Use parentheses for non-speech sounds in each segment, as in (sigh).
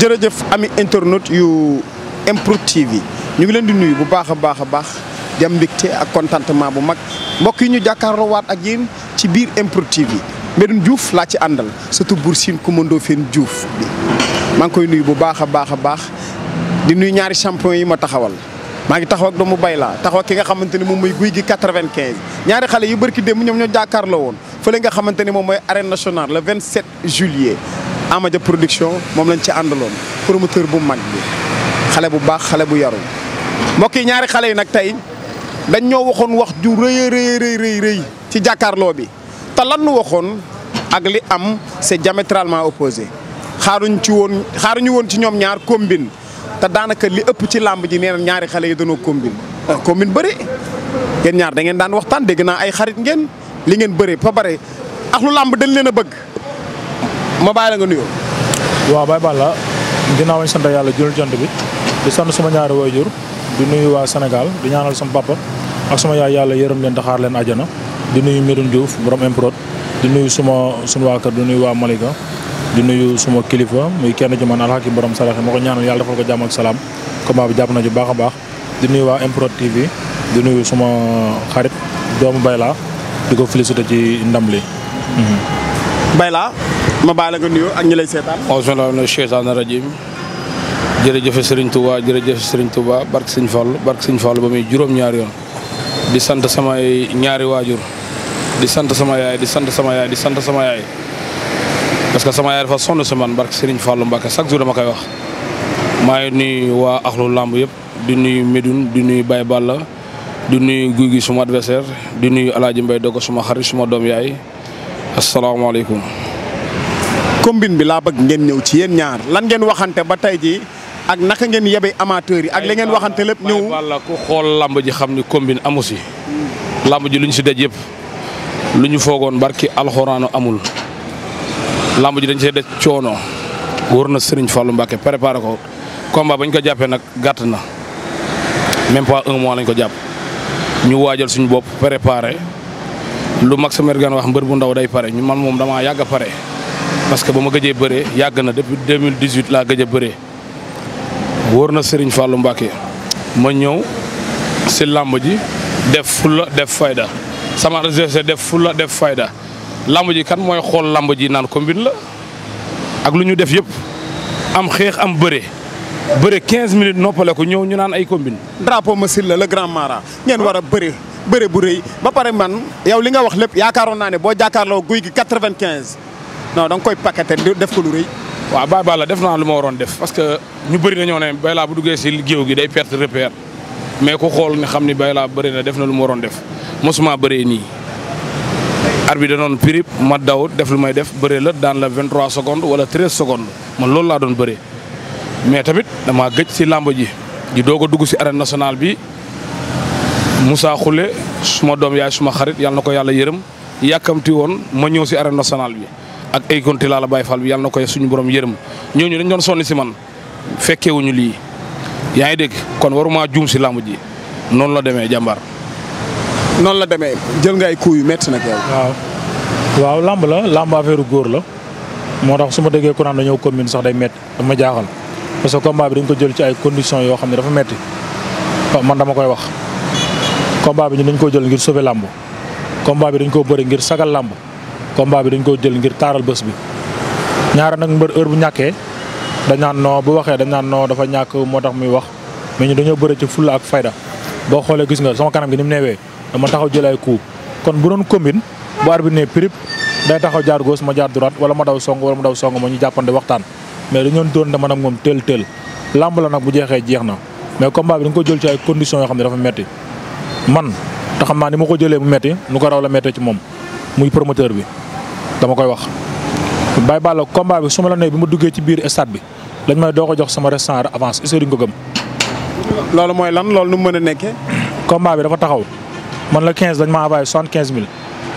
jërëjëf ami internautes yu MPROD TV ñu ngi leen di nuyu bu baax a baax a baax di am mbégte ak contentement bu mag mbokk yi ñu jàkkaarloo waat ak yéen ci biir MPROD TV Medoune Diouf laa ci àndal surtout Bour Sine Coumba Ndoffène Diouf bi maa ngi koy nuyu bu baax a baax a baax di nuyu ñaari champion yi ma taxawal maa ngi taxaw ak doomu bay laa taxaw ki nga xamante ne moom mooy guy gi ñaari xale yu bërki démb ñoom ñoo jàkkaarloo woon fële nga xamante ne moom mooy arène nationale le 27 juillet Amadia production moom lañ ci àndaloon promoteur bu mag bi xale bu baax xale bu yaru mbokk yi ñaari xale yi nag tey dañ ñoo waxoon wax ju rëy rëy ci jàkkaarloo bi te lan nu waxoon ak li am c'est diamétralement opposé xaaruñ ci woon xaaruñu woon ci ñoom ñaar combine te daanaka li ëpp ci làmb ji nee ñaari xale yi dañoo combine ah, combine bëri yéen ñaar da ngeen daan waxtaan dégg naa ay xarit ngeen li ngeen bëri fa bare ak làmb dañ leen a bëgg. ma bàyyi la waa nuyoo. waaw Baye Balla ginnaaw ñu sant yàlla jël jant bi di sant suma ñaari jur di nuyu waa Sénégal di ñaanal sama papa ak suma yàlla yërëm leen taxaar leen àjjana di nuyu Medoune Diouf borom improt di nuyu suma sunu waa kër di nuyu waa Malika di nuyu suma kilifa muy kenn ci man alxakim borom saraxe ma ko ñaanal yàlla defal ko jàmm ak salaam combat bi jàpp na ju baax a baax di nuyu waa improt TV di nuyu suma xarit doomu Bayla di ko ci ndam li. Bayla ma baala la nga nuyoo ak ñi lay seetaan. auzu billaahi mina sheytaani rajiim jërëjëf Serigne Touba jërëjëf Serigne Touba barke Serigne Fall barke Serigne Fall ba muy juróom ñaar yoon di sant samay ñaari waajur di sant sama yaay di sant sama yaay di sant sama yaay parce que sama yaay dafa sonn si man barke Serigne Fallou Mbacke chaque jour dama koy wax. maa ngi nuyu waa axlu làmb yëpp di nuyu Médoune di nuyu Baye Balla di nuyu Guy gi suma adversaire di nuyu El Hadj Mbaye Dogo suma xarit suma doom yaay. asalaamaaleykum. combine bi laa bëgg ngeen ñëw ci yéen ñaar lan ngeen waxante ba tey ji ak naka ngeen yebe amateur yi ak li ngeen waxante lépp ñëw. walla ku xool lamb ji xam ni combine amu si. lamb ji lu ñu si daj yëpp lu ñu foogoon barki alxuraanu amul. làmb ji dañ see daj coono. wóor na sëriñ Fallou Mbacke préparé ko combat bañ ko jàppee nag gàtt na même pas un lañ ko jàpp ñu waajal suñu bopp préparé. lu Max Mergan wax mbër bu ndaw day pare ñu man moom damaa yàgg a pare parce que ba ma gëjee bëree yàgg na depuis 2018 laa gëj a bëree wóor na Serigne Fallou Mbacké ma ñëw si làmb ji def fula def fayda sama recherche def fula def fayda làmb ji kan mooy xool làmb ji naan combine la ak lu ñu def yëpp am xeex am bëre bëre 15 minutes noppale ko ñëw ñu naan ay combine drapeau Massila le grand mara ngeen war a bëre bu rëy ba pare man yow li nga wax lépp yaakaaroon naa ne boo jàkkaarloo guy gi quatre-vingt-quinze non da koy paqueté def ko lu rëy. waaw Baye Balla def naa lu ma waroon def parce que ñu bëri dañoo ne Bayla bu duggee si géew gi day perte repère mais ku xool ne xam ni Bayla bari na def na lu ma waroon def mosuma bëree nii. arbitre da doon prip ma daw def lu may def bëree la daan la 23 secondes wala 13 secondes man loolu laa doon bëree mais tamit damaa gëj si làmb ji di doog a dugg si arène nationale bi. Moussa Khoule suma doom yaay suma xarit yàlla na ko yàlla yërëm yàkkamti woon ma ñëw si arène nationale bi ak ay konti laa la Baye Fall bi na ko suñu borom yërëm ñooñu dañ doon sonni si man fekkeewuñu lii yaa ngi dégg kon waruma juum si làmb ji noonu la demee jàmbaar. noonu la demee jël nga ay coups yu métti nag yow. waaw làmb la làmb affaire góor la moo tax su ma déggee ku naan dañoo commune sax day métti dama jaaxal parce que combat bi dañ ko jël ci ay conditions yoo xam ne dafa métti ah, man dama koy wax. combat bi ñun dañ koo jël ngir sauver làmb combat bi dañ koo bëri ngir sagal làmb combat bi dañ koo jël ngir taaral bés bi ñaara nag mbër heure bu ñàkkee dañ naan non bu waxee dañ naan non dafa ñàkk moo tax muy wax mais ñu dañoo bëri ci fulla ak fayda boo xoolee gis nga sama kanam gi ni mu neewee dama taxaw jël ay coup kon bu doon combine bu arbitre ne prip day taxaw jaar gauche ma jaar droite wala ma daw song wala ma daw song ma ñu jàppande waxtaan mais dañoo na mais combat ko jël ci yoo xam ne dafa metti man te xam naa ni ma ko jëlee mu metti nu ko raw la mettee ci moom muy promoteur bi dama koy wax. Baye Balla combat bi su ma la nee bi ma duggee ci biir stade bi lañ may doo ko jox sama restant avance est-ce que gëm. loolu mooy lan loolu nu mu mën a nekke combat bi dafa taxaw man la 15 dañ ma envoyé 75 000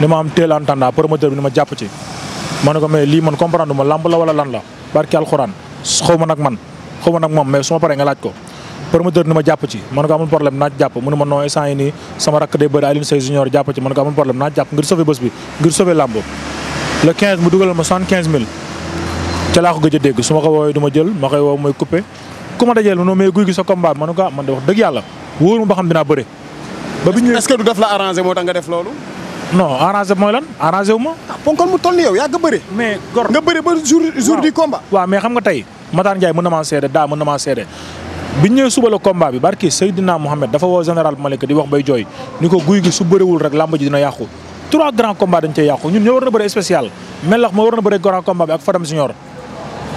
ni ma am teel entendant promoteur bi ni ma jàpp ci. ma ne ko mais lii man comprendre ma lamb la wala lan la barki alxuraan xaw ma nag man xaw ma nag moom mais su ma nga laaj ko. promoteur ni ma jàpp ci man ko amul problème naa jàpp ne ma nooy sant yi nii ngir sauver bés bi ngir sauver làmb le mu dugalal ma 75000 ca laa ko gëj a dégg su ma ko woowee du ma jël ma koy woo mooy coupé ku ma dajeel non mais guy gi sa combat man ko ah, man de wax dëgg yàlla wóor ba xam dinaa bëre. ba bi ñu est moo tax nga def loolu. non arrangé mooy wu ma. ah ponkal mu toll ni yow yaa ba xam nga tey Matar Ndiaye mën na maa seede daa mën na maa seede biñ ñëwee suba la bi barki Seydina Mohamed dafa woo général Malick di wax bay jooy ni ko guy gi su bëriwul rek làmb dina yàqu. trois na bëre spécial melax ma war na bëre grand combat bi ak Fadam Senior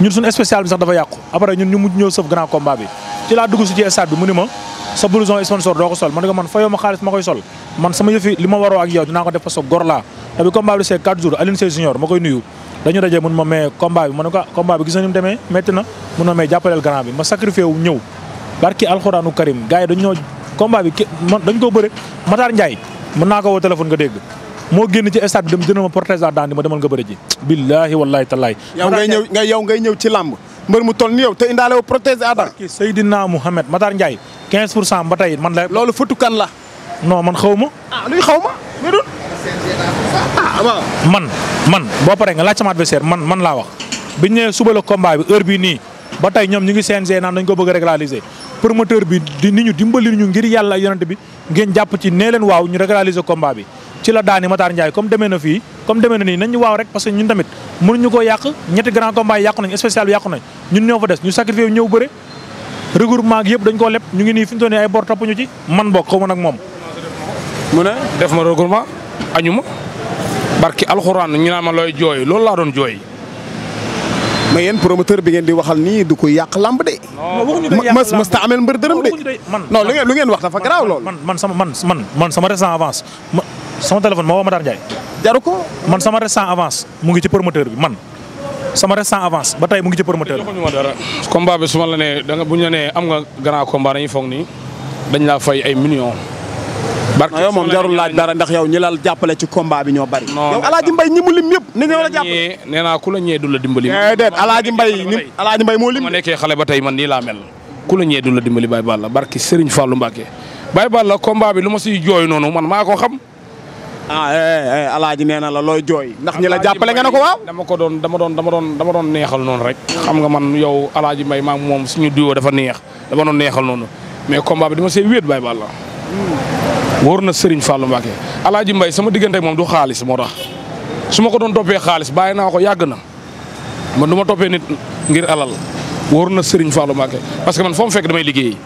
ñun suñu spécial bi sax dafa yàqu après ñun ñu mujj ñëw sëf grand combat bi ci laa dugg si ci stade bi mu ni ma sa blouson sponsor doo ko sol man nga man fayoo ma xaalis ma koy sol man sama yëfi li ma waroo ak yow dinaa ko def parce gor laa te bi bi c'est quatre jours Alioune Sèye Junior barki alxuraanu karim gars yi dañu ñoo combat bi man dañ koo bëre Matar Ndiaye mën naa ko woo téléphone nga dégg moo génn ci stade bi dem jëndal ma protège daan di ma demal nga bëre ji billaahi wallaahi tallaahi yow ngay ñëw ngay yow ngay ñëw ci làmb mbër mu toll ni yow te indaale wu protège daan ki Seydina Mouhamed Matar Ndiaye 15 pour cent ba tey man la loolu fëtu kan la non man xaw ma ah xaw ah, man man boo paree nga laaj sama adversaire man man laa wax biñ ñëwee suba la combat bi nii ba tey ñoom ñu ngi CNG naan dañ ko bëgg a régulariser promoteur bi di ñu dimbali ñu ngir yàlla yonent bi ngeen jàpp ci nee leen waaw ñu régulariser combat bi ci la daani Matar Ndiaye comme demee na fii comme deme na nii nañ ñu waaw rek parce que ñun tamit mënuñu ko yàq ñetti grand combat yi yàqu nañ spécial bi yàqu nañ ñun ñoo fa des ñu sacrifié ñëw bëre regroupement gi yëpp dañ koo leb ñu ngi nii fi mu toll nii ay bor topp ñu ci man bokk xaw ma nag moom mu ne ma regroupement añu ma barki alxuraan ma looy jooy loolu laa doon jooy mais yéen promoteur bi ngeen di waxal ni du ko yàq lamb de. mas mas ta amel mbër dërëm de. non lu ngeen lu ngeen wax dafa garaaw lool. man man sama man man man sama restant ma sama téléphone moo woo Matar Ndiaye. jaru ko man sama restant avance mu ngi ci promoteur bi man. sama restant avance ba tey mu ngi ci promoteur bi. combat bi su ma la ne da nga bu ñu la nee am nga grand combat dañuy foog ni dañ laa fay ay millions. barke yow moom jarul laaj dara ndax yow ñi la jàppale ci combat bi ñoo bari. yow Alaaji Mbay ñi mu lim ñëpp ni ñoo la jàppale. nee naa ku la ñee du la dimbali. déedéet eh, Alaaji Mbay lim Alaaji moo lim. ma nekkee xale ba tey man nii laa mel. ku la du la dimbali Baye Balla barke Serigne Fallou Mbacké Baye Balla combat bi lu ma siy jooy noonu man maa ko xam. ah eh, eh, alaaji nee na la looy jooy ndax ñi la jàppale nga ne ko waaw dama ko doon dama doon dama doon dama doon neexal noonu rek xam nga man yow alaaji mbay maa moom suñu duo dafa neex dama doon neexal noonu mais combat bi dama see bay Baye Balla hmm. wóor na Serigne Fallou Mbacké Alaaji Mbay sama diggante ak moom du xaalis moo tax su ma ko doon toppee xaalis bàyyi naa ko yàgg na man du ma toppee nit ngir alal wóor na Serigne Fallou Mbacké parce que man foo mu fekk damay liggéey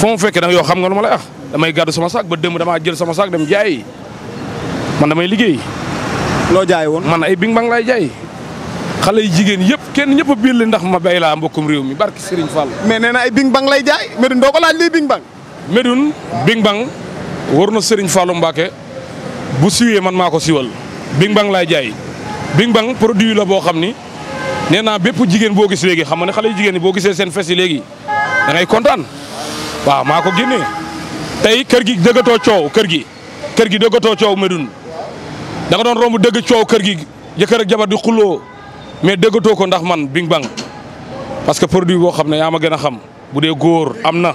foo mu fekk nag yow xam nga lu ma lay damay gàddu sama saak ba démb damaa jël sama saak dem jaay man damay liggéey. loo jaay woon man ay bing bang laay jaay. xale yi jigéen yëpp kenn ñëpp a bill ndax ma bay laa mbokkum réew mi barki Serigne Fall. mais nee na ay bing lay jaay Médoune doo ko laaj lii bing bang. Médoune war na Serigne Fallou Mbacke bu siwee man maa ko siwal Big Bang laay jaay Big Bang produit la boo xam ni nee naa bépp jigéen boo gis léegi xam nga ne xale yu jigéen ñi boo gisee seen fes yi léegi da kontaan waaw maa ko génnee tey kër gi dëggatoo coow kër gi kër gi dëggatoo coow Médoune da nga doon romb dëgg coow kër gi jëkkër ak jabar di xuloo mais dëggatoo ko ndax man Big Bang parce que produit boo xam ne yaa ma gën a xam bu dee góor am na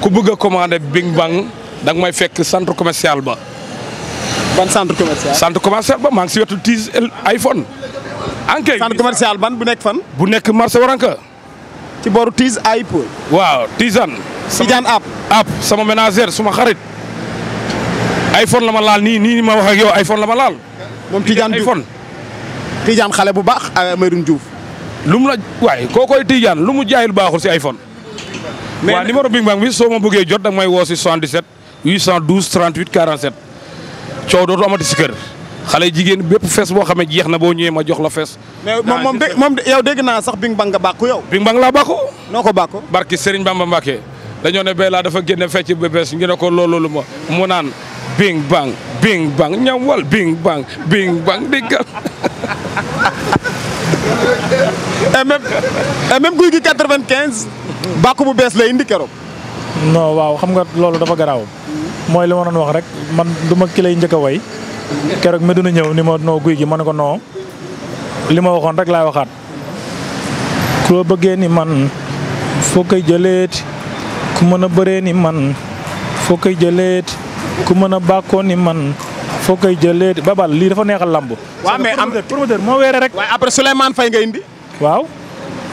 ku bëgg a commandé Big Bang da nga may fekk centre commercial ba. ban centre commercial. centre commercial ba maa ngi si wetu tiis iPhone. ankay centre commercial ban bu nekk fan. bu nekk marché waranka. ci booru tiis iPhone. waaw tiisaan. tiisaan app sama ménagère suma xarit. iPhone la ma laal nii nii ma wax ak yow iPhone la ma laal. moom Tidiane iPhone. Tidiane xale bu baax euh, Maydoum Diouf. lu mu la waaye koo koy Tidiane lu mu jaayul baaxul si iPhone. mais waaw numéro bi nga bi soo ma bëggee jot da may woo si 77. 812 38 47 coow dootu amati si kër xale jigéen bépp fees boo xamee jeex na boo ñëwee ma jox la fees. mais moom moom yow dégg naa sax Bing Bang nga bàkku yow. Bing Bang laa bàkku. noo ko bàkku. barki Serigne Bamba Mbacke dañoo ne laa dafa génne fecc ba bees ñu ne ko loolu lu ma mu naan Bing Bang Bing Bang ñam wal Bing Bang Bing Bang déggal. (laughs) et même et même guy gi 95. bu bees lay indi keroog. waaw xam nga loolu dafa garaaw. mooy li ma doon wax rek man du ma ki njëkk a way keroog mi dina ñëw ni ma noo guy gi ma ne ko noo li ma waxoon rek laay waxaat ku la bëggee ni man foo koy jëleet ku mën a bëree ni man foo koy jëleet ku mën a bàkkoo ni man foo koy jëleet babal lii dafa neexal lamb waa mais am promoteur moo weere rek waaye après Souleymane Faye nga indi waaw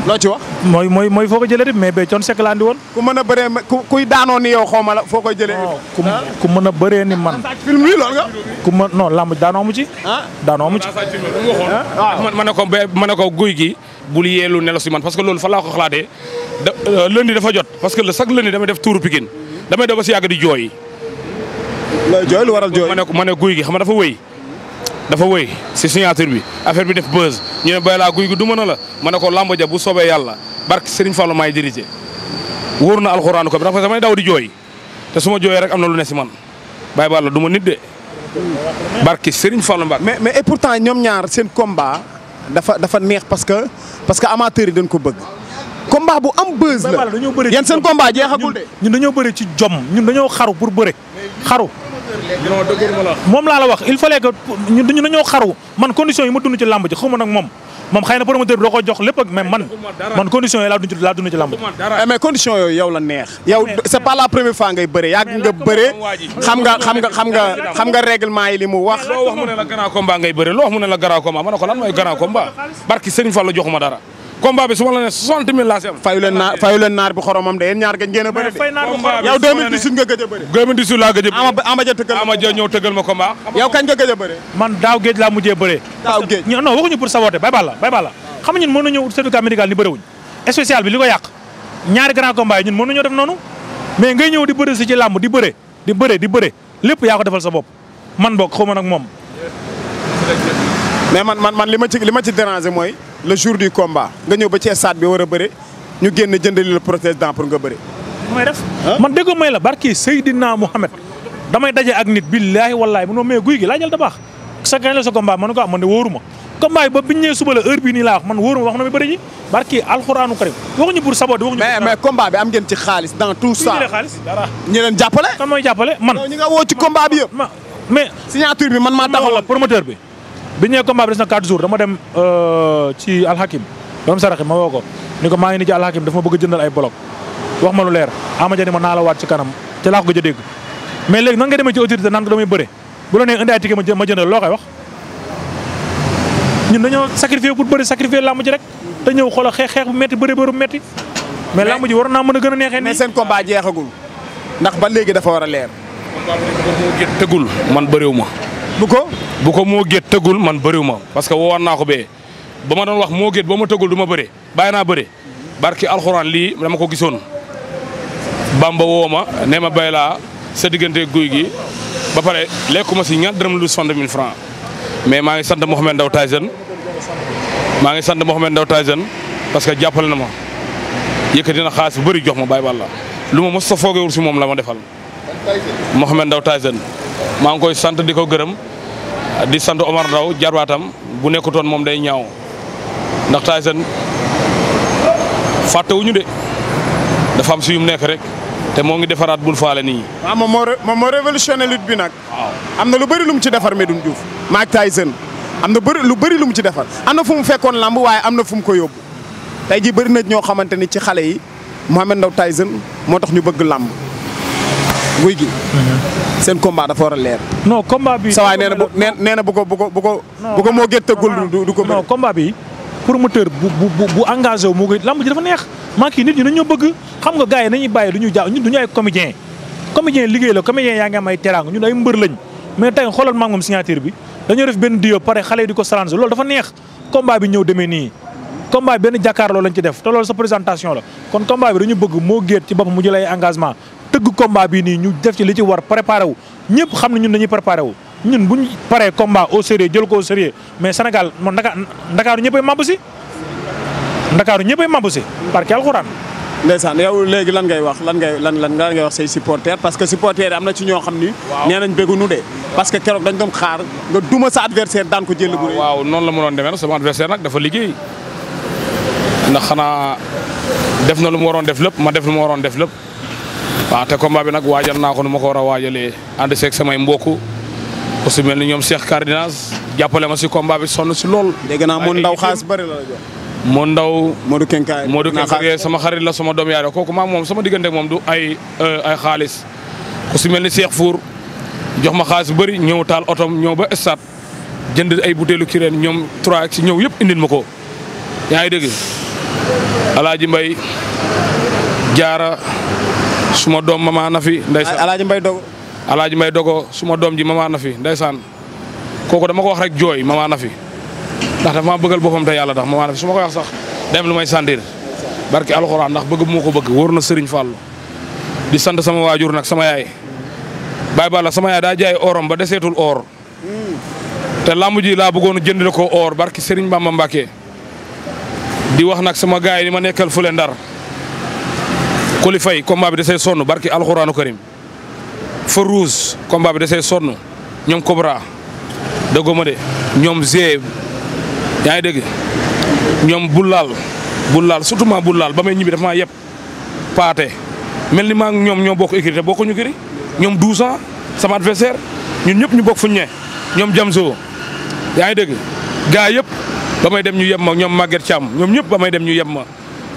loo ci wax. mooy mooy mooy foo ko jëlee rek mais Béthio Seck laa woon. ku mën a bëree ku kuy daanoo ni yow xaw ma la foo koy jëlee. ku ku mën a bëree ni man. film bi loolu nga. ku mën non làmb daanoo mu ci. Ah? mu ci. Ah, waaw man na ko man na ko guy gi. bul yeelu nelo si man parce que loolu fa laa ko xalaatee da euh, lundi dafa jot parce que sag lundi damay def tuuru Pikine damay doo ba si yàgg di jooy. looy jooy lu waral jooy ma guy gi xam dafa wéy. dafa wëy si signature bi affaire bi def buzz ñu ne Boy Niang Gouye Gui du mën a la ma ne ko làmb bu soobee yàlla barke Serigne Fallou maay dirigé wóor na alxuraan ko bi ndax damay daw di jooy te su ma jooyee rek am na lu ne si man bàyyi ba la du ma nit de barke Serigne Fallou Mbacke. mais mais et pourtant ñoom ñaar seen combat dafa dafa neex parce que parce que amateurs yi dañ ko bëgg. combat bu am buzz la yéen seen combat jeexagul de. ñun dañoo bëri ci jom ñun dañoo xaru pour bëre xaru. non moom laa la wax il fallait que ñu dañu dañoo xaru man condition yi ma dund ci làmb ji xawma nag moom moom xëy na promoteur bi doo ko jox lépp ak mais man man condition yooyu laa dund laa dund ci lamb eh, mais condition yooyu yow la neex yow c'est pas la première fois nga bëre xam nga xam nga xam nga xam nga yi li mu wax loo wax mu ne la gara combat ngay bëre loo wax mu ne la grand combat ma ne ko lan mooy grand combat dara combat bi su ma la nee soixante mille laa si am. fayu leen naar fayu xoromam de yéen ñaar ngeen gën a bëri de. combat bi yow 2018 nga a bëri. 2018 laa gëj a bëri. Ama ja tëggal ma combat. yow kañ nga a bëri. man daaw géej laa mujjee bëree. daaw waxuñu pour saboter bay bala bay bala xam nga ñun mën nañoo médical ni bëriwuñ spécial bi li ko yàq ñaari grand combat yi ñun mën nañoo def noonu mais ngay ñëw di bëri si ci làmb di bëre di bëre di bëre lépp yaa ko defal sa bopp man bokk xaw ma moom mais man man man li ma ci li ma ci déranger mooy le jour di combat nga ñëw ba ci saat bi war a bëre ñu génn jëndali la protège-dents pour nga bëre. may def man déggoo may la barki Seydina Mohamed damay daje ak nit billaahi wallaahi munoo may guy gi laajal da baax sa gañ la sa man ah, ba biñ ñëwee suba la heure bii nii laa wax man wóoruma wax na may ngeen ci xaalis dans tout ça ñi leen jàppale kan mooy jàppale man ñi nga woo ci combat bi yëpp mais signature bi man maa taxaw promoteur bi bi ñee combat bi des na 4 jours dama dem euh, ci alhakim borom saraxi ma woo ko ni ko maa ngi ni ci alhakim dafa ma bëgg a jëndal ay bloc wax ma lu leer Ama Dia ni ma naa la waat ci kanam te laa ko gëj a dégg mais léegi nan nga demee ci autorité nan nga damay bëre bu la nee indi ay ticket ma jëndal loo koy wax ñun dañoo sacrifier pour bëri sacrifier làmb ji rek te ñëw xoolal xeex xeex bu metti bëri bëri bu metti mais làmb ji war naa mën a gën a neexee mais seen combat jeexagul ndax ba léegi dafa war a leer tëggul man bëriwu ma bu ko bu ko moo géet tëggul man bëriwuma parce que woowoon naa ko bee ba ma doon wax moo géet boo ma tëggul duma ma bëre bàyyi naa bëre barki alxuraan lii dama ko gisoon bamba woo ma nee ma bay laa sa diggante guy gi ba pare lekkuma si ñaar dërëm lu soixante mille francs mais maa ngi sant Mouhamed Ndao Tyson maa ngi sant Mouhamed Ndao Tyson parce que jàppale na ma yëkkati na xaalis bu bëri jox ma bàyyi balla lu ma mos sa foogewul si moom la ma defal Mouhamed Ndao Tyson maa ngi koy sant di ko gërëm di sant Omar Ndaw jarbaatam bu nekkutoon moom day ñaaw ndax Tyson fàttewuñu de dafa am si yu mu nekk rek te moo ngi defaraat bul faale nii. waaw moom moo moom moo révolutionné lutte bi nag. waaw am na lu bëri lu mu ci defar Medoune Diouf. maak Tyson am na bëri lu bari lu ci defar am na fu mu fekkoon làmb waaye am na fu mu ko yóbbu tey jii bari na ñoo xamante ni ci xale yi Mohamed Ndaw Tyson moo tax ñu bëgg làmb. guy gi. Mhm. seen combat dafa war a leer. no combat bi. sa waay nee na bu nee na ko bu ko bu ko. bu ko moo gën tëggul du ko. non combat bi promoteur bu bu bu engagé moo koy lamb ji dafa neex. maa kii nit ñi dañoo bëgg xam nga gars yi nañuy bàyyi du ñu jaaw ñun ñu ay comédien comédien liggéey la comédien yaa ngi am ay teraanga ñun ay mbër lañ mais tey xoolal maa moom bi dañoo def benn diyo pare xale yi di ko salanse loolu dafa neex combat bi ñëw demee nii combat bi benn jàkkaarloo lañ ci def te lool sa présentation la kon combat bi dañu bëgg moo géet ci boppam mu jël engagement tëgg combat bii nii ñu def ci li ci war préparé wu ñëpp xam na ñun dañuy préparé wu ñun bu ñu pare combat au sérieux jël ko au sérieux mais Sénégal moom Ndaka Ndakaaru ñëppay mamb si Ndakaaru ñëppay mamb si barke alxuraan ndeysaan yow léegi lan ngay wax lan ngay lan lan ngay wax sey supporter parce que supporter yi am na ci ñoo xam ni nee nañ bégunu de parce que keroog dañ doon xaar nga duma sa adversaire daan ko jël waaw noonu la mënoon demee sama adversaire nag dafa liggéey ndax xanaa def na lu mu waroon def lépp ma def lu mu waroon def waaw te combat bi nag waajal naa ko nu ma ko war a waajalee ànd seeg samay mbokk ku si mel ni ñoom Cheikh Cardinals jàppale ma si combat bi sonn si lool. dégg naa mu ndaw xaas bari la la jox. mu ndaw. Modou sama xarit la sama doom yaay kooku maa moom sama diggante moom du euh, ay xaalis ku si mel ni Cheikh Four jox ma xaalis bari ñëw taal otom ñëw ba stade jënd ay butéelu kireen ñoom trois si ñëw yëpp indil ma ko. yaa ngi dégg Alaaji Mbay jaara suma doom mama na fi. ndeysaan alaaji mbay dogo. alaaji suma doom ji mama na fi ndeysaan kooku dama ko wax rek jooy mama na fi ndax dafa maa bëggal boppam te yàlla tax mama na fi su ma ko wax sax dem lu may sentir. barki alxuraan ndax bëgg moo ko bëgg wóor na Serigne Fallou di sant sama waajur nag sama yaay Baye Balla sama yaay daa jaay oram ba deseetul or te lamb ji laa bëggoon jënd ko or barki Serigne Bamba Mbacké di wax nag sama gaay yi ma nekkal fule Ndar. Coly Faye combat bi desee see sonn barki alxuraanu karim Feu Rouge combat bi desee see sonn ñoom Cobra dëgguma de ñoom Zé yaa ngi dégg ñoom Bullal Bullal surtout maa Bullal ba may ñibbi dafa maa yëpp paate mel ni maa ñoom ñoo bokk écurie te ñu écurie ñoom 12 ans sama adversaire ñun ñëpp ñu bokk fu ne ñoom Jamso yaa ngi dégg gaa yëpp ba may dem ñu yeb ma ñoom Maguette Thiam ñoom ñëpp ba may dem ñu yeb ma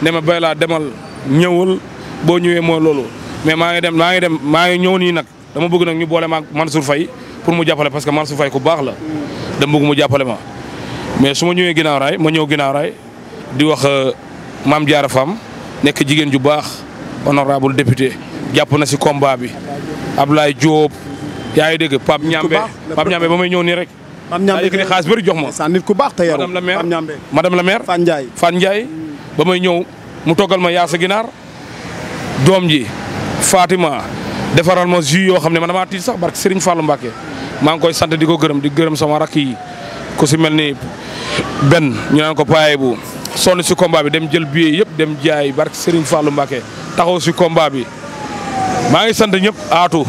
ne ma bay laa demal ñëwal. boo ñëwee mooy loolu mais maa ngi dem maa ngi dem maa ngi ñëw nii nag dama bëgg nag ñu boole man Mansour fay pour mu jàppale parce que Mansour fay ku baax la dama bëgg mu jàppale ma mais su ma ñëwee ginnaaw raay ma ñëw ginaaray di wax euh, Mame Diarra Fam nekk jigéen ju baax honorable député jàpp na si combat bi laay Diop yaa ngi dégg Pape Ñambe Pape Ñambe ba may ñëw nii rek am ñambe daa xaalis bëri jox ma. sa nit ku baax te yow madame la maire madame la maire. Ndiaye Fane Ndiaye. ba may ñëw mu toggal ma yaasa ginaar. doom ji Fatima defaral ma jus yoo xam ne man damaa tiit sax barke Serigne faalu Mbacke maa ngi koy sant di ko gërëm di gërëm sama rakk yi ku si mel ni benn ñu naan ko paaye bu sonn si combat bi dem jël billet yëpp dem jaay barke sëriñ Fallou Mbacke taxaw si combat bi maa ngi sant ñëpp aatu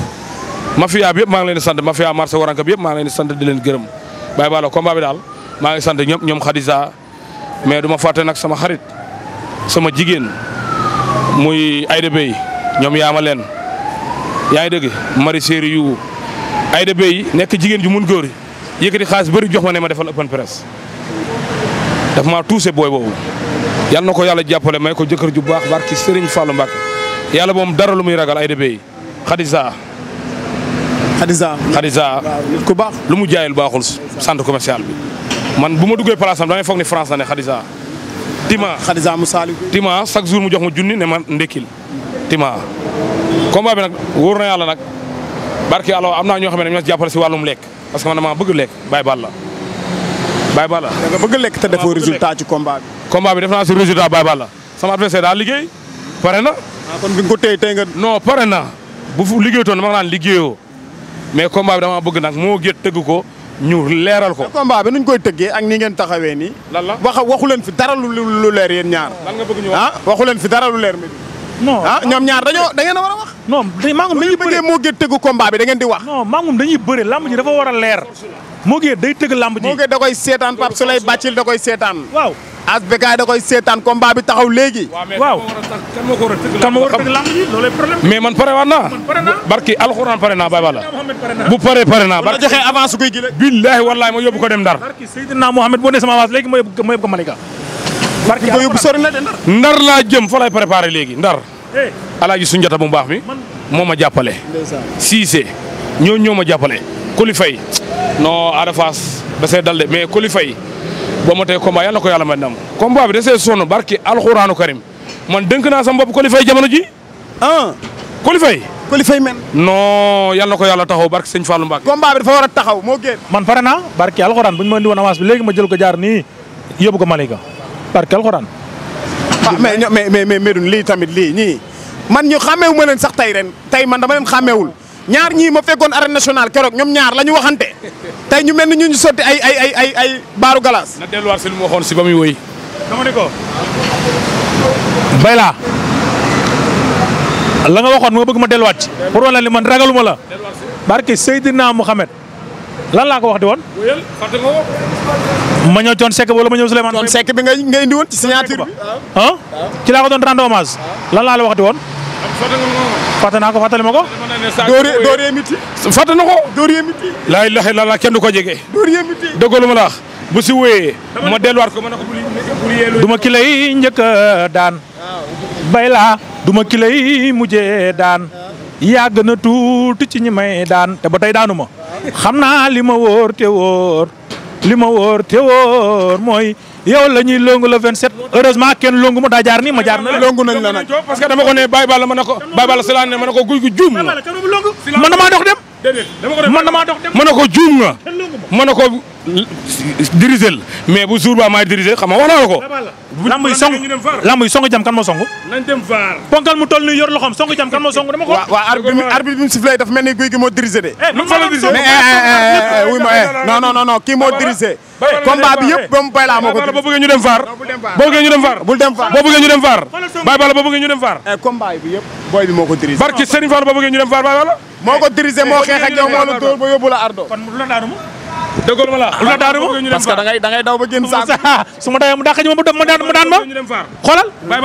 mafia bi yëpp maa ngi leen di sant mafia marché waranka bi yëpp maa ngi leen di sant di leen gërëm bàyyi baalo combat bi daal maa ngi sant ñëpp ñoom Khadija mais du ma nag sama xarit sama jigéen muy Aïda Bey ñoom yaama leen yaa ngi dégg mari séeri yu Aïda nekk jigéen ju mun góor yëkkati xaalis bëri jox ma ne ma defal open press daf maa tuuse booy boobu yal na ko yàlla jàppale may ko jëkkër ju baax barki Serigne Fallou Mbacke yàlla boom dara lu muy ragal Aïda Bey Khadija Khadija Khadija ku baax lu mu jaayul baaxul centre commercial bi man bu ma duggee place am damay foog ni France la ne Khadija Tima Khadija mu Saliou Tima chaque jour mu jox ma junni ne ma ndékkil Tima combat bi nag wóor na yàlla nag barki alo am naa ñoo xam ne dañu jàppale si wàllum lekk parce que man damaa bëgg lekk Baye Balla Baye Balla da lekk te defoo résultat ci combat bi. combat bi def naa si résultat Baye Balla sama adversaire daa liggéey pare na. Ah, kon bi nga ko nga. non pare na bu fu ma naan liggéeyoo mais combat dama bëgg nag moo gét tegu ko ñu leeral ko. combat bi nuñ koy tëggee ak ni ngeen taxawee nii. lan la wax waxu leen fi dara lu leer yéen ñaar. lan nga bëgg ñu ah waxu leen fi dara lu leer mi. non ah ñoom ñaar dañoo da ngeen a war a wax. mangum dañuy bëri da ngeen di wax. non mangum dañuy lamb ji dafa war a leer. moo gee day tëgg lamb ji. moo da koy seetaan Pape Souleye Bathily da koy seetaan. waaw da koy seetaan combat bi taxaw léegi. waaw a a man pare waat naa. man pare naa barki bu pare pare naa. barki avance guy gi la. billaahi wallaahi ma ko dem Ndar. barki Seydina Mohamed boo nee sama avance léegi ma barke ko yóbbu sori na de ndar. ndar laa jëm fa lay préparé léegi ndar. Eh. alaaji su bu baax mi moo ma jàppale. siise ñoo ñoo ma jàppale. kolifay Faye non Ada Fass da see dal de mais Koli boo ma tee combat yàlla na ko yàlla may ndam. combat bi da see sonn barki alxuraanu karim man dënk naa sama bopp Koli jamono ji ah Koli Faye. Koli Faye na ko yàlla taxaw barki sëñ Fallou Mbacke. combat bi dafa taxaw moo gën. man pare naa barki alxuraan bu ñu ma indi woon avance bi léegi ma jël ko jaar nii yóbbu ko Malika. barke alxuraan. ah mais mais mais mais lii tamit lii ñii man ñu xàmmeewu ma leen sax tey ren tey man dama leen xàmmeewul ñaar ñii ma fekkoon arène nationale keroog ñoom ñaar la ñu waxante tey ñu mel ni ñu ñu sotti ay ay baaru galaas. na delluwaat si lu si ba muy wëy. dama ne la nga waxoon ma bëgg ma delluwaat ci. pour wala li man ragaluma la. barke Seydina Mouhamed. lan laa ko wax di woon. ma ñëw Thione Seck wala ma ñëw Souleymane. Thione Seck bi nga nga indi woon ci signature bi. ah ci laa ko doon rendre ah. lan laa la wax di woon. Ah, fàtte naa ko fàttali ma ko. Dóor Yemiti. fàtte na ko Dóor Yemiti. laa ilaha illallah kenn du ko jege. Dóor Yemiti ma la bu si wéyee ma delluwaat ko ma ne ko du ma ki njëkk daan. Ah. bay laa du ma ki lay daan. yàgg na ci ñi may daan te ba tey daanu ma. xam naa li te wóor li ma wóor te wóor mooy yow la ñuy longu le 27 heureusement kenn longu ma da jaar nii ma jaar na longu nañ la nag parce que ko ne Baye Balla ma ne ko Baye Balla Silane ne ma ne ko guy gu juum nga man damaa dox dem dem ma ne ko juum nga ma ne ko diriger la mais bu jour ba maay diriger xam nga ko. lamb song jam kan moo song. nañ mu toll nii yor loxoom song jam kan moo song dama ko. waaw mu sifflé dafa mel ni guy gi moo diriger de. man maa ngi mais non non non bi yëpp doomu bay laa moo boo bëggee ñu dem vaar. boo bëggee ñu dem vaar. bul dem vaar boo bëggee ñu dem vaar. bay bala ñu dem vaar. combat bi yëpp boy bi moo ko diriger. barki Serigne Fall boo ñu dem vaar moo ko diriger moo xeex ak moo la dëggoon ma la lu la daanu ma parce que da ma (laughs) daan ma daan ma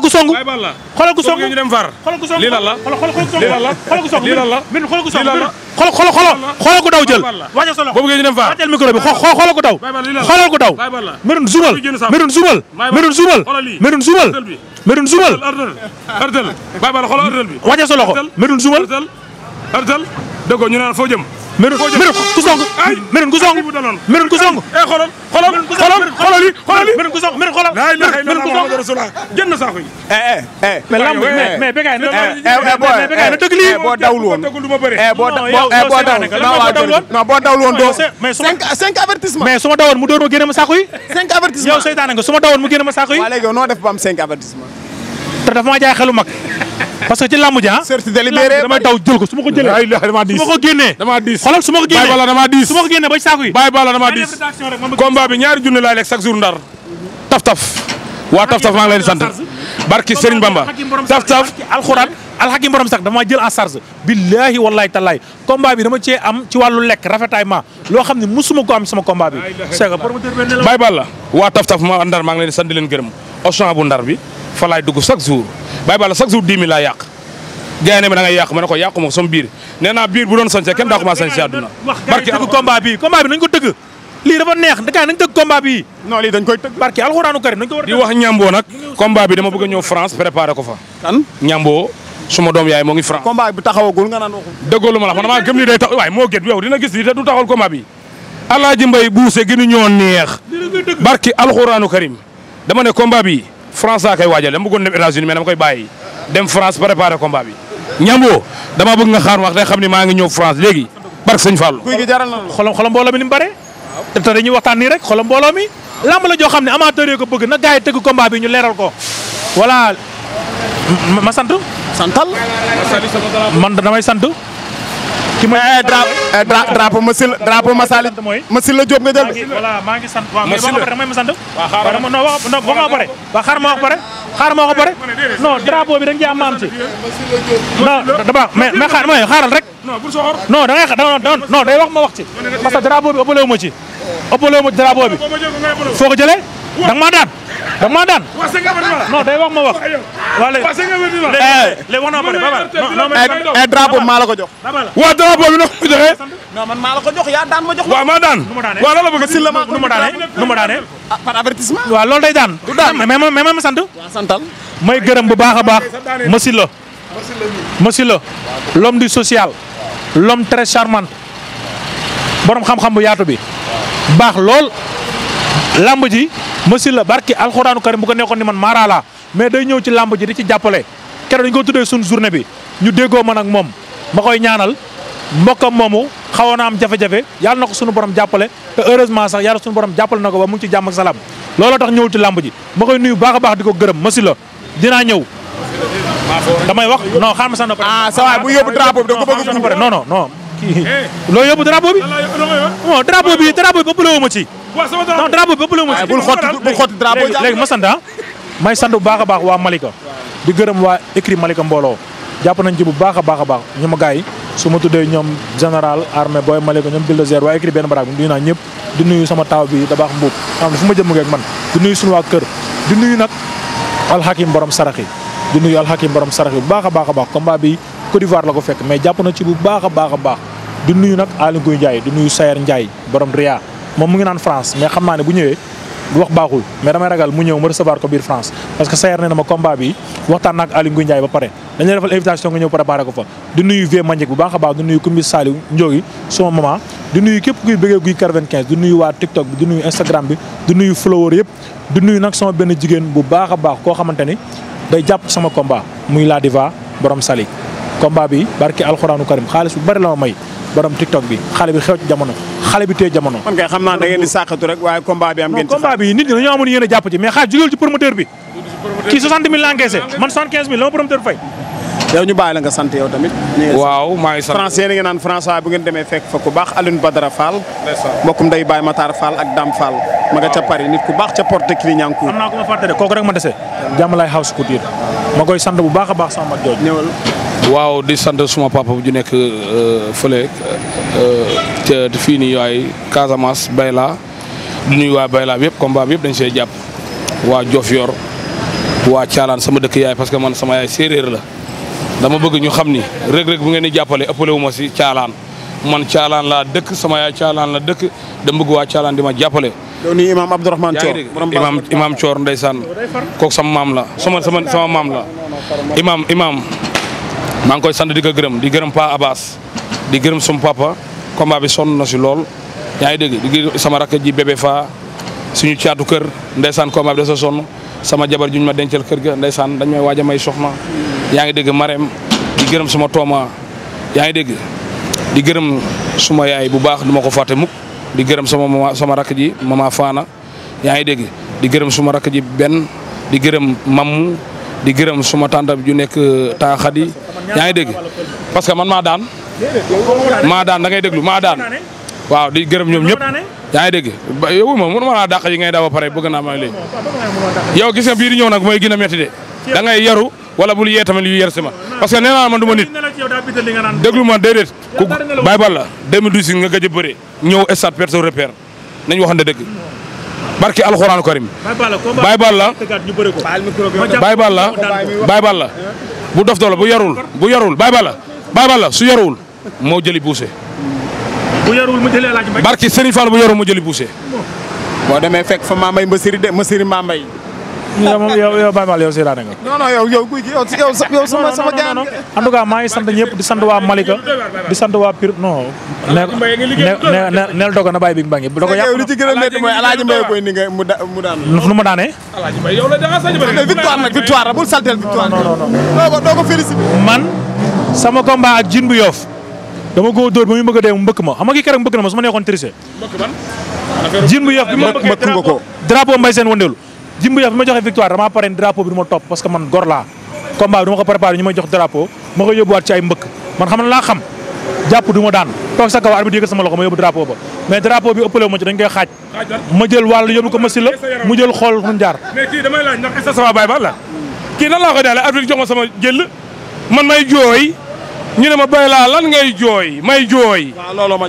ku songu xoolal ku songu xoolal ku songu ku daw jël boobu ngeen dem faar wàññil micro bi xoolal ku daw xoolal ku daw merun sumal merun sumal merun sumal merun sumal merun sumal ardal sa loxo merun sumal mérun mérun ku song mérun ku song mérun ku song eh xolol xolol xolol xolol yi xolol yi mérun ku song mérun la na saako lii eh, boo dawul woon eh boo eh, dawul non doo cinq cinq avertissement mais su ma mu dóor ma génne ma saako cinq avertissement yow seytaane nga su ma dawoon mu génne ma saako yi noo def ba cinq avertissement te dafa ma jaay xelu mag parce que ci làmb ji ah. certes délibéré taw jël ko su ko jëlee. aywa damaa diis diis xoolal bi ñaari junni laay lekk chaque jour ndar. taf taf waa taf taf maa ngi leen sant barki Serigne Bamba taf taf alxuraan alxakim borom sax dama jël en charge billaahi wallaahi tallaahi combat bi dama cee am ci wàllu lekk rafetaay ma loo xam ne musuma ko am sama combat bi. c'est que waa taf taf ma ndar maa ngi leen di sant di leen gërëm ndar bi fa laay dugg chaque jour bàyyi bala chaque jour 10 000 laay yàq gars yi ne ma da ngay yàq ma ne ko yàqu ma sama biir nee naa biir bu doon sañse kenn daa ko maa sañse àdduna barki dëgg combat bi combat bi nañ ko dëgg lii dafa neex ndakaay nañ tëgg combat bi non lii dañ koy tëgg barki alxuraanu karim nañ ko war di wax ñamboo nag combat bi dama bëgg a ñëw France préparé ko fa kan ñamboo suma doom yaay moo ngi France combat bi taxawagul nga naan waxu dëggoo lu ma la man damaa gëm ni day tax waaye moo gét yow dina gis lii te du taxawal combat bi alaaji mbay buuse gënu ñoo neex barki alxuraanu karim dama ne combat bi France laa koy waajal dama bëggoon États-Unis mais dama koy bàyyi dem France préparer combat bi. dama bëgg nga xaar wax te xam ni maa ngi ñëw France léegi barke sëñ Fallou. guy gi jaral na xolam xolam mbooloo mi ni mu bare. te waxtaan nii rek xolam mbooloo mi. lamb la xam ne amateur yi ko bëgg na gars yi tëgg combat bi ñu leeral ko voilà ma sant. santal man damay sant. ki ma eh, eh, drapeau ma sil drapeau ma sali ma sil la Diop nga jël voilà maa ngi no wax no ma pare bi da nga ci am maam ci non dama mais mais xaar mooy xaaral rek non da ngay non day wax ma wax ci parce que drapeau bi ëppalewu ma ci ëppalewu ma drapeau bi foo ko danga maa daan danga maa daan. non day wax ma wax. waa léegi eh, léegi wax na ma eh, la ko jox. waa drapeau bi nag ko joxee. non man maa la ko jox ma jox la. waaw maa daan waaw loolu la bëgg si la ma nu ma daanee nu ah, day daan. du daan mais ma mais sant. may gërëm bu baax a baax. Massi la. Massi la. l'homme social. l'homme très charmant. borom xam-xam bu yaatu bi. baax lool. lamb ji Massir la barki alxuraanu karim bu ko nekkoon ni man maaraala mais day ñëw ci lamb ji di ci jàppale keroog dañ ko tuddee suñu journée bi ñu déggoo man ak moom ma koy ñaanal mbokkam moomu xawoon na am jafe-jafe yàlla na ko suñu borom jàppale te heureusement sax yàlla suñu borom jàppale na ko ba mu ci jàmm salaam looloo tax ñëwul ci lamb ji ma koy nuyu baax a baax di ko gërëm Massir la dinaa ñëw damay wax non xaaral ma sax na pare ah sa waay yóbbu drapeau da ko bëgg kii eh. loo yóbbu drapeau bi. non drapeau bi drapeau bi ëppale wu ma ci. waaw sama drapeau non drapeau bi ëppale wu ma ci. Ah, bul xotti bul xotti drapeau bi léegi ma sant may sant bu baax a baax waa Malika. di gërëm waa écrit Malika mbooloo. jàpp nañ ci bu baax a baax a baax ñu ma gars yi su ma tuddee ñoom général armée booy Malika ñoom bulldozer waa écrit benn baraag bi nuyu naa ñëpp di nuyu sama taw bi da baax mbuub xam fu ma jëm ak man di nuyu suñu waa kër di nuyu nag alxakim borom saraxi di nuyu alxakim borom saraxi bu baax a baax a baax combat bi Côte d'Ivoire la ko fekk mais jàpp na ci bu baax a baax a baax di nuyu nag Aly Ngouille Ndiaye di nuyu Sayer Ndiaye borom Ria moom mu ngi naan France mais xam naa ne bu ñëwee du wax baaxul mais damay ragal mu ñëw ma recevoir ko biir France parce que Sayer ne na ma combat bi waxtaan naak Aly Ngouille ba pare dañ lay defal invitation nga ñëw préparé ko fa di nuyu Vieux Mandiek bu baax a baax di nuyu Koumbi Saliou Ndiogi suma maman di nuyu képp kuy bëggee guy 95 di nuyu waa TikTok bi di nuyu Instagram bi di nuyu follower yëpp nag sama benn jigéen bu baax a baax koo xamante ni day jàpp sama combat muy la diva borom Sali combat bi barki alxuraanu karim xaalis bu bari la ma may borom tiktok bi xale bi xew jamono xale bi tey jamono. man kay xam naa da ngeen di sàqatu rek waaye combat bi am ngeen ci combat bi nit ñi dañoo amoon yéen a jàpp ci mais xaalis jógewul ci promoteur bi. kii 60 000 la ma promoteur fay. yow ñu bàyyi la nga sant yow tamit. waaw maa ngi sant France yéen a ngi naan François bu ngeen demee fekk fa ku baax Alioune Badara Fall. mbokkum day Baye Matar Fall ak Dame Fall. ma nga ca Paris nit ku baax ca porte Clignancourt. am naa ko ma fàtte de kooku rek ma dese. Diamalaye House Couture. ma koy sant bu baax a baax sama mag jooju. ñëwal. waaw di sant suma papa bu ju nekk euh, fële euh, ca fii nii waay Casamance Bayla di nuyu waa Bayla bi yëpp combat bi yëpp dañ see jàpp waa Diofior waa Thialane sama dëkk yaay parce que man sama yaay séeréer la. dama bëgg ñu xam ni rëg-rëg bu ngeen di jàppale ëppale wu ma si caalaan man caalaan laa dëkk sama yaay caalaan la dëkk dama bëgg waa caalaan di ma jàppale. yow nii imaam Abdourahmane Thior imaam imaam Thior ndeysaan kooku sama maam la sama sama sama maam la imaam imaam maa ngi koy sant di gërëm di gërëm Pa Abbas di gërëm sum papa combat bi sonn na si lool yaa ngi dégg sama rakk ji bébé fa suñu caatu kër ndeysaan combat bi da sa sonn sama jabar juñ ma denceel kër ga ndeysaan dañ may waaj a may soxna yaa ngi dégg Marème di gërëm suma tooma yaa ngi dégg di gërëm suma yaay bu baax du ko fàtte mukk di gërëm sama mama sama rakk ji mama Faana yaa ngi dégg di gërëm suma rakk ji benn di gërëm mamu di gërëm suma tànta bi ju nekk euh, taaxadi yaa ngi dégg parce que man maa daan maa daan da ngay déglu maa daan waaw di gërëm ñoom ñëpp yaa ngi dégg yow ma mënu ma laa dàq yi ngay daw ba pare bëgg naa ma léegi yow gis nga bii di ñëw nag mooy gën a de da yaru wala bul yee tamit yu yer si ma parce que nee naa man du ma nit déglu ma déedéet ku bàyyi bal la 2012 nga gëj a bëre ñëw stade perso repère nañ waxante dëgg barki alxuraanu karim bàyyi bal la bàyyi bu dof doole bu yarul bu yarul bàyyi bal su yarul moo jëli buuse bu yarul mu jëlee bu yarul mu jëli buuse boo demee fekk fa maa may mbasiri de mbasiri maa may yow moom yow yow Baye gi yow yow sama sama gars. en maa ngi sant ñëpp di sant waa Malika di sant waa Pire non. neel doog na bàyyi bi mbangi da ko yàq li a métti mooy Alaaji Mbaye koy ni nga mu daan. ma victoire nag victoire bul saltel victoire. man sama combat ak jin bu yoof dama ko dóor ba muy bëgg a dee mu ma xam nga kii na ma su ma neexoon triché. mbëkk bu yoof bi ma mbëkkee drapeau mbay seen wëndeelu jimbu yof bi ma joxee victoire damaa pare drapeau bi du ma topp parce que man gor laa combat bi du ko préparé ñu may jox drapeau ma koy yóbbuwaat ci ay mbëkk man xam na laa xam jàpp du daan toog sa kaw arbitre bi sama loxo ma yóbbu drapeau ba mais drapeau bi ëppale ma si la mu jël xool xun kii damay laaj ndax la kii nan jox ma sama jël man may jooy ñu ne ma bay laa lan ngay jooy may jooy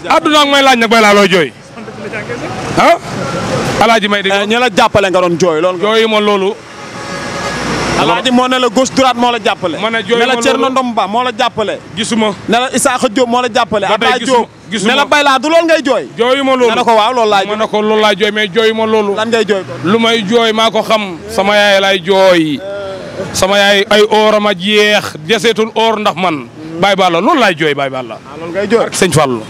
adduna ak may laaj nag bay laa looy jooy alaaji may dégg eh, ñi la jàppale nga doon jooy loolu. jooyi ma loolu. alaaji moo ne la gauche droite moo la jàppale. ma ne jooyi ma loolu ne la Thierno jàppale. gisuma ne la Isaaxa Diop moo la jàppale. ba tey gisuma gisuma ne la Bayla du loolu ngay jooy. jooyi ma ne ko waaw loolu laay jooy. ma ne ko jooy mais lu may jooy maa ko sama yaay laay jooy. sama yaay ay ooram a jeex deseetul oor ndax man. Baye Balla loolu laay jooy Baye Balla. ah loolu ngay jooy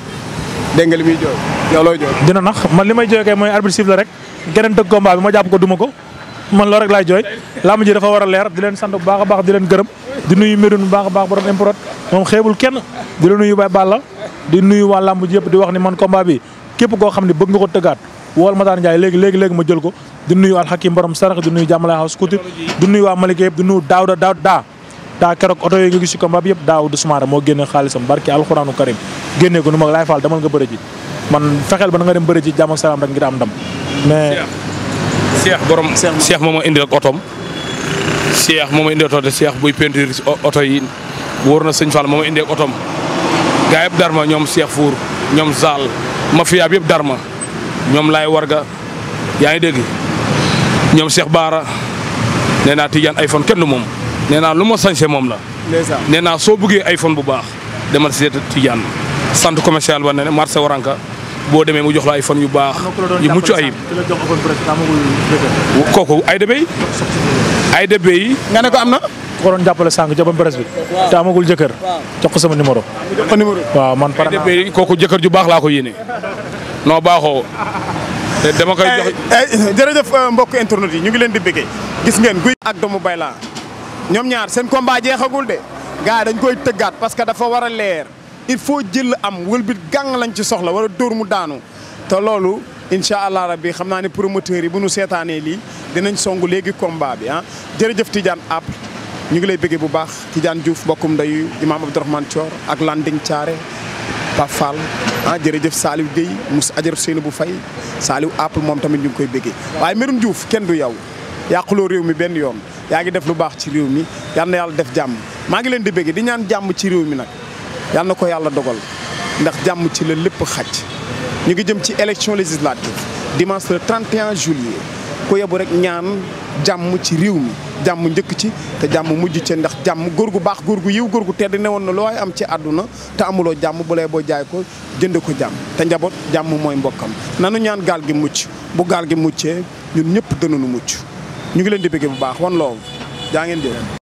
dégg nga li muy jooy yow looy jooy. dina nax man li may jooy kay mooy arbitre siffle rek geneen tëgg combat bi ma jàpp ko duma ko man loolu rek laay jooy làmb ji dafa war a leer di leen sant bu baax a baax di leen gërëm di nuyu Médoune bu baax a baax borom importe moom xeebul kenn di la nuyu Baye Balla di nuyu waa làmb ji yëpp di wax ni man combat bi képp koo xam ne bëgg nga ko tëggaat wool Matar Ndiaye léegi léegi léegi ma jël ko di nuyu alxakim borom sarax di nuyu jàmmalaay xaw skuti di nuyu waa Malika daa keroog oto yooyu nga gis si combat bi yëpp daaw Doussoumaré moo génne xaalisam barki alxuraanu karim génnee ko nu ma laay faal demal nga bëri ji man fexeel ba na nga dem bëri ji jàmm ak salaam rek ngir am ndam. mais Cheikh borom seex moom moo indi ak otoom. Cheikh moom moo indi ak otoom Cheikh buy peinture si oto yi wóor na sëñ Fall moom moo indi ak otoom. gaa darma ñoom seex Four ñoom Zal mafia bi yëpp darma ñoom laay warga yaa ngi dégg ñoom Cheikh Baara nee naa Tidiane iPhone kenn du moom nee naa lu ma sañse moom la. nee naa soo bëggee iPhone bu baax demal seet Tidiane. centre commercial ba ne marché Waranka boo demee mu jox la ay fan yu baax. yu mucc ayib kooku ay débéy. ay débéy nga ne ko am na. ko doon jàppale sànq jobam presse bi te amagul jëkkër jox ko sama numéro waaw man pare naa kooku jëkkër ju baax laa ko noo baaxoo dama koy jox eh, eh, eh, jërëjëf euh, mbokk internet yi ñu ngi leen di bëggee gis ngeen guy ak doomu bayla ñoom ñaar seen combat jeexagul de gars dañ koy tëggaat parce que dafa war a leer il faut jël am wëlbit gàng lañ ci soxla wala dóor mu daanu te loolu incha allah rabbi xam naa ne promoteurs yi bu nu seetaanee lii dinañ song léegi combat bi ah jërëjëf Tidiane App ñu ngi lay bëggee bu baax Tidiane Diouf bokkum ndeyu Imam Abdourahmane Thior ak Landing caare Pape Fall ah jërëjëf Saliou Guèye Moussa Adjara Seynou bu fay Saliou App moom tamit ñu ngi koy bëggee waaye Medoune Diouf kenn du yow yàquloo réew mi benn yoon yaa ngi def lu baax ci réew mi yal na yàlla def jàmm maa ngi leen di bëggee di ñaan jàmm ci réew mi nag yàlla na ko yàlla dogal ndax jàmm ci la lépp xaj ñu ngi jëm ci élection législative dimanche le 31 juillet ku yebu rek ñaan jàmm ci réew mi jàmm njëkk ci te jàmm mujj ci ndax jàmm góor gu baax góor gu yiw góor gu tedd ne woon na looy am ci àdduna te amuloo jàmm bu lay boo jaay ko jënd ko jàmm te njaboot jàmm mooy mbokkam nanu ñaan gaal gi mucc bu gaal gi muccee ñun ñëpp dënanu mucc ñu ngi leen di bëgge bu baax wan loowu jaa ngeen jëf